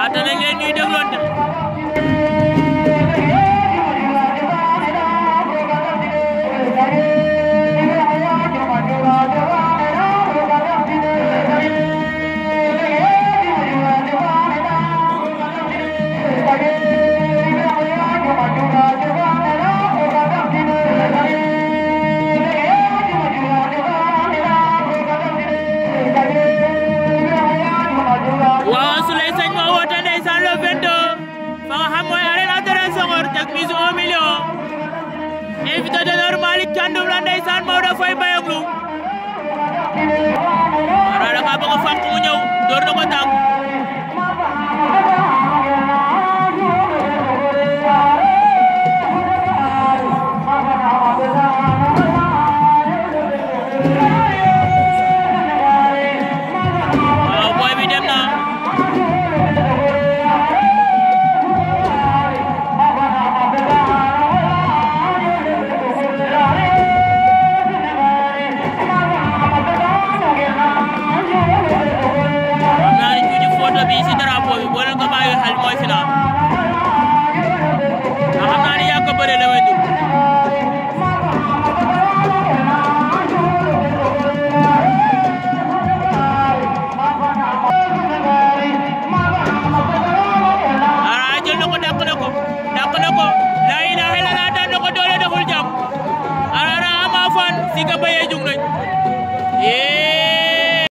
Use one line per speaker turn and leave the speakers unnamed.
ah danañ leen ñuy dégloonte dafay bayaglu Ada da nga bëgg a fàq mu ñëw door na ko tànk
ni ci dara bo wala nga baye xal moy fi la xamna ni ya ko bëre la wëndu
Sikap bayi jumlah.